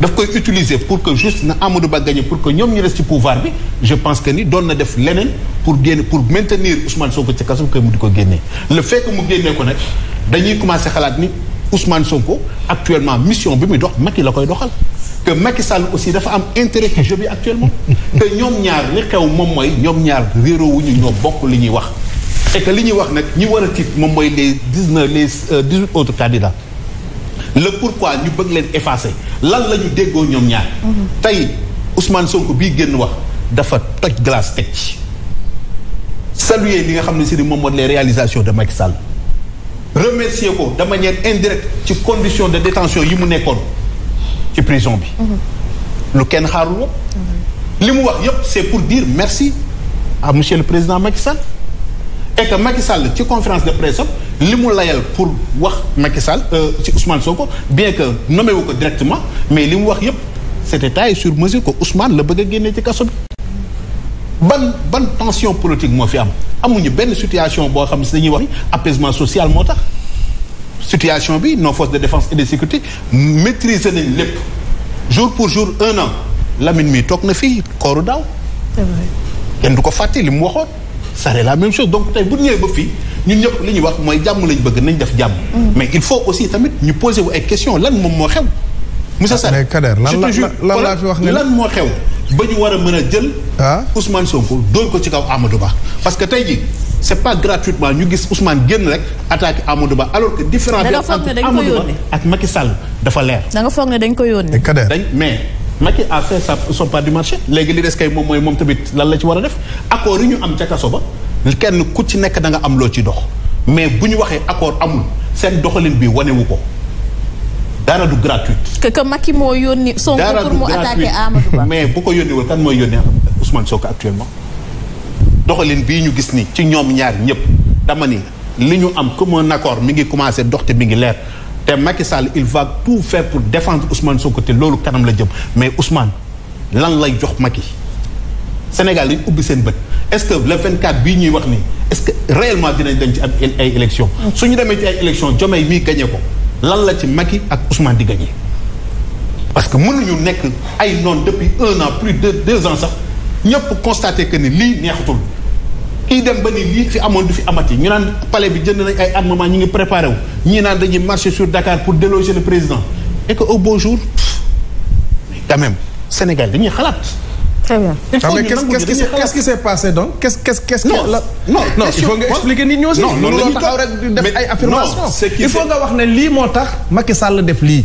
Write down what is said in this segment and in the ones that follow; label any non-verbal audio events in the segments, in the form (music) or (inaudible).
daf koy utiliser pour que juste na Amadou Ba gagné pour que ñoom ñu des ci pouvoir bi je pense que ni doon na def leneen pour génn pour maintenir Ousmane Sonko ci kaso que mu di ko génne le fait que mu génnee ko nag dañuy commencé xalaat ni Ousmane Sonko actuellement mission bi muy dox Macky la koy doxal que Macky Sall aussi dafa am intérêt ci jeu bi actuellement te ñoom ñaar li xew moom mooy ñoom ñaar wu ñu ñoo bokk li ñuy wax et que li ñuy wax nag ñi war a tiit moom mooy les dix neuf les euh, dix huit autres le pourquoi ñu bëgg leen effacer lan la ñu déggoo ñoom ñaar. tey Ousmane Sonko bii génn wax dafa toj glace teg ci. li nga xam ne si moom moo les réalisation de Macky Sall. remercier ko de manière indirecte ci condition de détention yi mu nekkoon ci prison bi. lu kenn xaarul woon. li mu wax yëpp c'est pour dire merci à monsieur le président Macky Sall. et que Macky Sall ci conférence de presse li mu layal pour wax Macky Sall euh, ci Ousmane ko bien que nommé wu ko directement mais li mu wax yépp c'était taillé sur mesure ko Ousmane la bëgg a génnee ci kaso bi ban ban tension politique moo fi am amuñu benn situation boo xam si dañuy wax apaisement sociale moo tax situation bi nos forces de défense et de sécurité maîtriser nañ lépp jour pour jour un an Lamine mi toog na fii kooru daaw. c'est kenn du ko fàtte li mu waxoon. ça la même chose donc tey bu ñëwee ba fii. ñu ñëpp li ñuy wax mooy jàmm lañu bëgg nañu def jàmm. Mm. mais il faut aussi tamit ñu poser wu ay question lan moom moo xew. monsieur ah, Sarr mais Kader lan lan laa wax ne lan moo xew. ba ñu war a mën a jël. ah Ousmane Sonko ko ci kaw Amadou Ba parce que tey jii. c' est pas gratuitement ñu gis Ousmane génn rek attaqué Amadou Ba alors que différence bi entre Amadou Ba ak Macky Sall dafa leer. da nga foog ne dañ ko yónnee. dañ mais Macky a fait sa son part du marché. léegi li des kay moom mooy moom tamit lan la ci war a def accord yi ñu am ca kaso ba. kenn ku ci nekk danga am loo ci dox mais bu ñu waxee accord amul seen doxalin bi wanewu ko dara du gratuite. que que Macky moo yónni. Sonko pour mu attaquer Amadou Ba mais bu ko yónniwul kan mooy yónni Ousmane Sonko actuellement. doxalin bii ñu gis ni ci ñoom ñaar ñëpp dama ni li ñu am comme un mi ngi commencé dox te mi ngi leer te Macky Sall il va tout faire pour défendre soo ko te loolu kanam la jëm mais Ousmane lan lay jox yi Sénégal lañ ubbi seen bët. est-ce que le 24 bii ñuy wax nii est-ce que réellement dinañ dem ci am ay élection su ñu demee ci ay élection Diomaye mii gagné ko lan la ci yi ak Ousmane di gagné parce que mënuñu nekk ay noon depuis un an plus de deux ans sax ñëpp constaté que ni lii neexatul kii dem ba ni lii fi amoon du fi amati ñu naan palais bi jënd nañ ay armement ñu ngi préparé wu ñii naan dañuy marcher sur Dakar pour déloger le président et que au beau jour mais quand même Sénégal dañuy xalaat très bien. il faut ñu nangu ñu qu'est-ce qui s'est passé donc qu'est-ce il faut nga expliquer nit ñi aussi. non la ñuy taxaw def ay il faut nga wax ne lii moo tax Macky Sall def lii.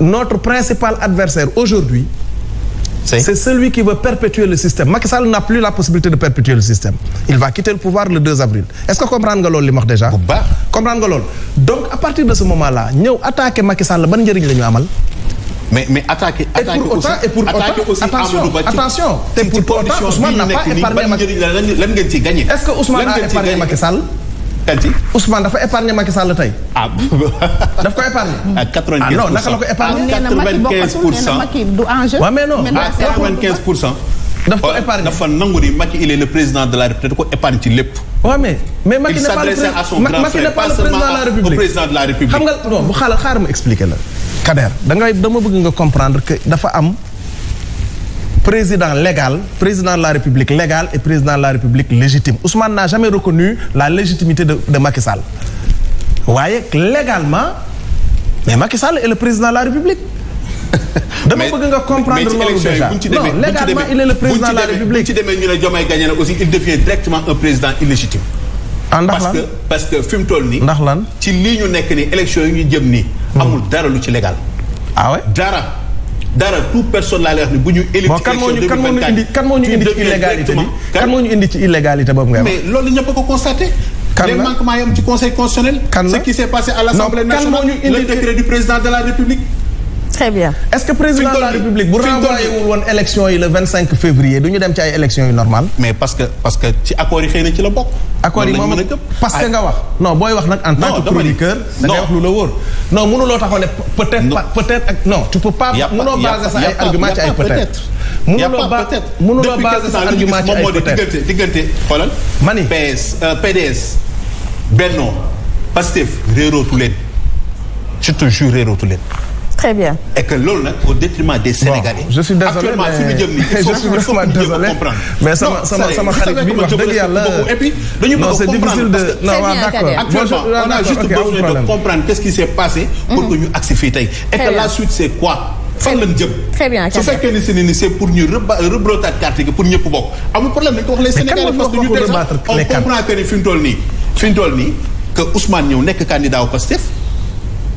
notre principal adversaire aujourd'hui c'est celui qui veut perpétuer le système Macky Sall n'a plus la possibilité de perpétuer le système il va quitter le pouvoir le avril est-ce que comprendre nga loolu li ma déjà comprendre nga loolu donc à partir de ce moment là ñëw attaquer Macky ban njëriñ la ñu amal mais mais attaquer attaquer pour autant et pour autant attention attention te pour n'a pas est-ce que kan ci Ousmane dafa épargné tey. ah (laughs) ko épargné. à quatre ah naka la ko épargné. Ah, quatre-vingt-quinze du enjeu. Ah, dafa da ko épargne ci lépp. mais mais Macky n'est pas le président de la République xam nga non bu xaaral xaaral ma expliquer la. Kader dama bëgg nga comprendre que dafa am. président légal, président de la République légal et président de la République légitime. Ousmane n'a jamais reconnu la légitimité de, de Macky Sall. waaye légalement mais Macky Sall est le président de la République. (laughs) dama bëgg nga comprendre loolu déjà non légalement il est le président de la République. bu ci demee ñu ne Diomaye gagné na aussi il devient directement un président illégitime. ndax lan parce que fi mu toll nii. ndax lan ci lii ñu nekk ni élection yi ñu jëm nii. Hmm. amul dara lu ci légal. ah dara tout personne laa lay wax ni bu ñu. élite kan moo ñu indi kan moo ñu indi ci illégalité boobu ngay mais loolu ñëpp ko constaté. kan la les manquements ci conseil constitutionnel. kan la ce qui s'est du président de la République. très bien est-ce que président de la république bu renvoyé wul woon élection yi le vingt cinq février du ñu dem ci ay élections yu normal mais parce que parce que ci accords yi xëy na ci la bokk accords yi moom parce que nga wax non booy wax nag en tant que chroniqueur da ngay tu peux pas mënoo baser sa ay sa argument ci ay peut-être diggante xoolal PDS euh, Benno Pastef réerootu leen je te jure réerootu très bien. et que loolu nag au détriment des Sénégalais. je suis désolé actuellement fi ñu jëm nii. (laughs) je suis vraiment désolé mais sama sama sama xarit bi wax dëgg yàlla. et puis dañu bëgg a comprendre parce que. non waaw d'accord actuellement on a juste besoin de comprendre qu'est-ce qui s'est passé. pour mm-hmm. que ñu agsi fii tey. et que la suite c'est quoi. fan lañ jëm. très bien su fekkee ni si ni c'est pour ñu reba rebrotaat carte gi pour ñëpp bokk amul problème dañ ko wax les Sénégalais parce que ñu. on comprend que ni fi mu toll nii fi mu toll nii que Ousmane ñëw nekk candidat au Pastef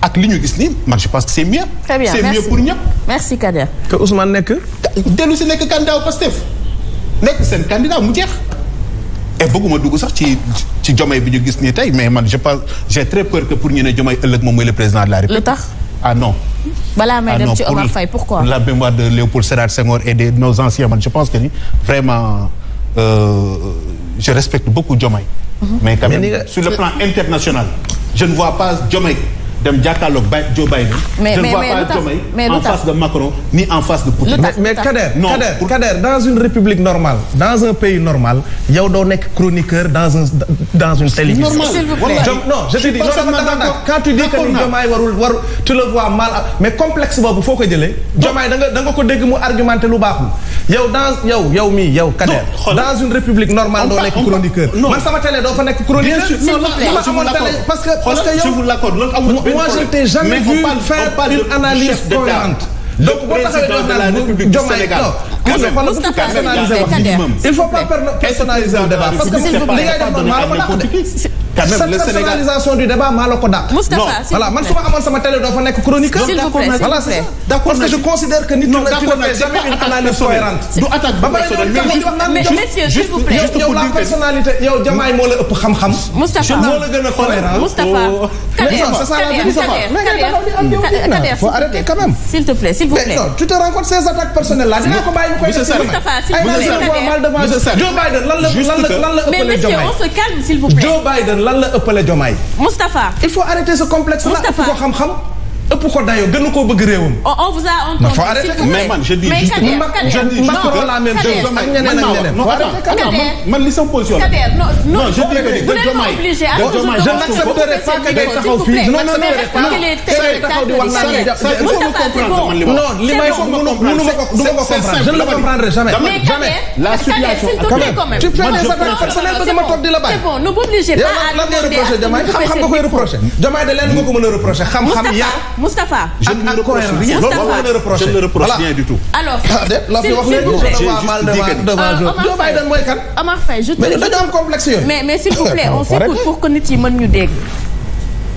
ak li ñu gis ni man je pense que c'est mieux. très bien c'est mieux pour ñëpp. merci Kader. que Ousmane nekk. dellu si nekk candidat Pastef nekk seen candidat mu jeex. et bëgguma dugg sax ci ci Diomaye bi ñu gis ni tey mais man je pense j'ai très peur que pour ñu ne Diomaye ëllëg moom mooy le président de la République. lu tax ah non. balaa may ah, dem ci Omar Faye pourquoi. la mémoire de Léopold Sédar Senghor et de nos anciens man je pense que ni vraiment euh, je respecte beaucoup Diomaye. Mm-hmm. mais quand même le plan international. je vois pas Diomaye. dem jàkkaarloog ba Joe Biden. mais je mais vois mais pas dans une république normale. dans un pays normal yow doo nekk chroniqueur dans un dans une non je te dis non quand tu dis que ni Diomaye warul war tu le vois mal mais complexe boobu foo ko jëlee. da nga da dans une république normale doo nekk chroniqueur. man sama télé doo fa nekk chroniqueur. bien sûr non parce que parce que yow. moi je ne t'ai jamais vu analyse cohérente donc boo taxawee di wax il faut pas personnaliser le débat parce que li ngay def noonu maa la ko dàq de cette personnalisation du débat maa la ko dàq voilà man su ma amoon sama télé doo fa nekk chroniqueur voilà c'est ça d'accord parce que je considère que nit ñi tu ne fais jamais une analyse cohérente du attaque ba pare messieurs s'il vous plaît yow la personnalité yow jamaay moo la ëpp xam-xam Moustapha moo la gën a cohérent Moustapha oh. Kader faut arrêter quand même s'il te plaît s'il vous plaît tu te rends compte ces attaques personnelles là dinaa ko bàyyi monsieur Sarr monsieur Sarr Joe Biden lan la lan la ëppale Diomaye mais on se calme s'il vous plaît Joe Biden lan la ëppale Diomaye Moustapha il faut arrêter ce complexe là ëpp ko dayoo gën koo bëgg réewam. Oh, on vous a entendu. faut arrêter mais man je dis juste la même chose ak ñeneen ak ñeneen. non man li sama position la. non je dis que Diomaye Diomaye je n'accepterai pas que day taxaw fii non non non non non li may wax mënu mënu ma ko du ma ko comprendre je ne le comprendrai jamais. jamais la situation quand même tu fais des affaires personnelles parce que ma toog di la bàyyi. c'est bon ne m'obligez pas à la lan nga reproché Diomaye xam-xam nga koy reproché Diomaye de lenn nga ko mën a reproché xam-xam yaa Moustapha. je ne le reproche rien. le reproche rien du tout. alors ah, s'il vous plaît euh, Omar Faye mooy kan. Omar mais dañoo am complexe yooyu. mais mais s'il vous plaît on s'écoute pour que nit yi mën ñu dégg.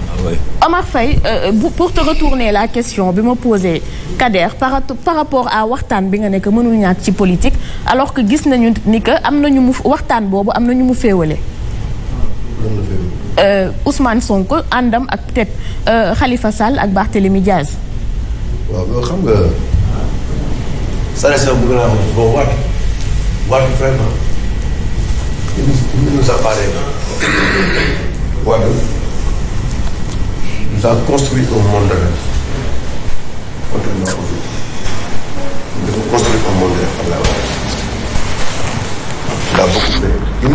Ah ah Omar Faye euh, euh pour te retourner la question bi ma posé Kader par, par rapport à waxtaan bi nga nekk que mënul ñàkk ci politique alors que gis nañu ni que am na nañu mu waxtaan boobu am na nañu mu féewale Euh, Ousmane Sonko àndam ak peut-être euh, Khalifa ak Barthélémy Diaz. waaw loolu xam nga. Sarr bëgg naa wax boo waat waat vraiment. nous a parlé waat nous a construit un monde contrairement aujourd'hui nous avons construit un monde par la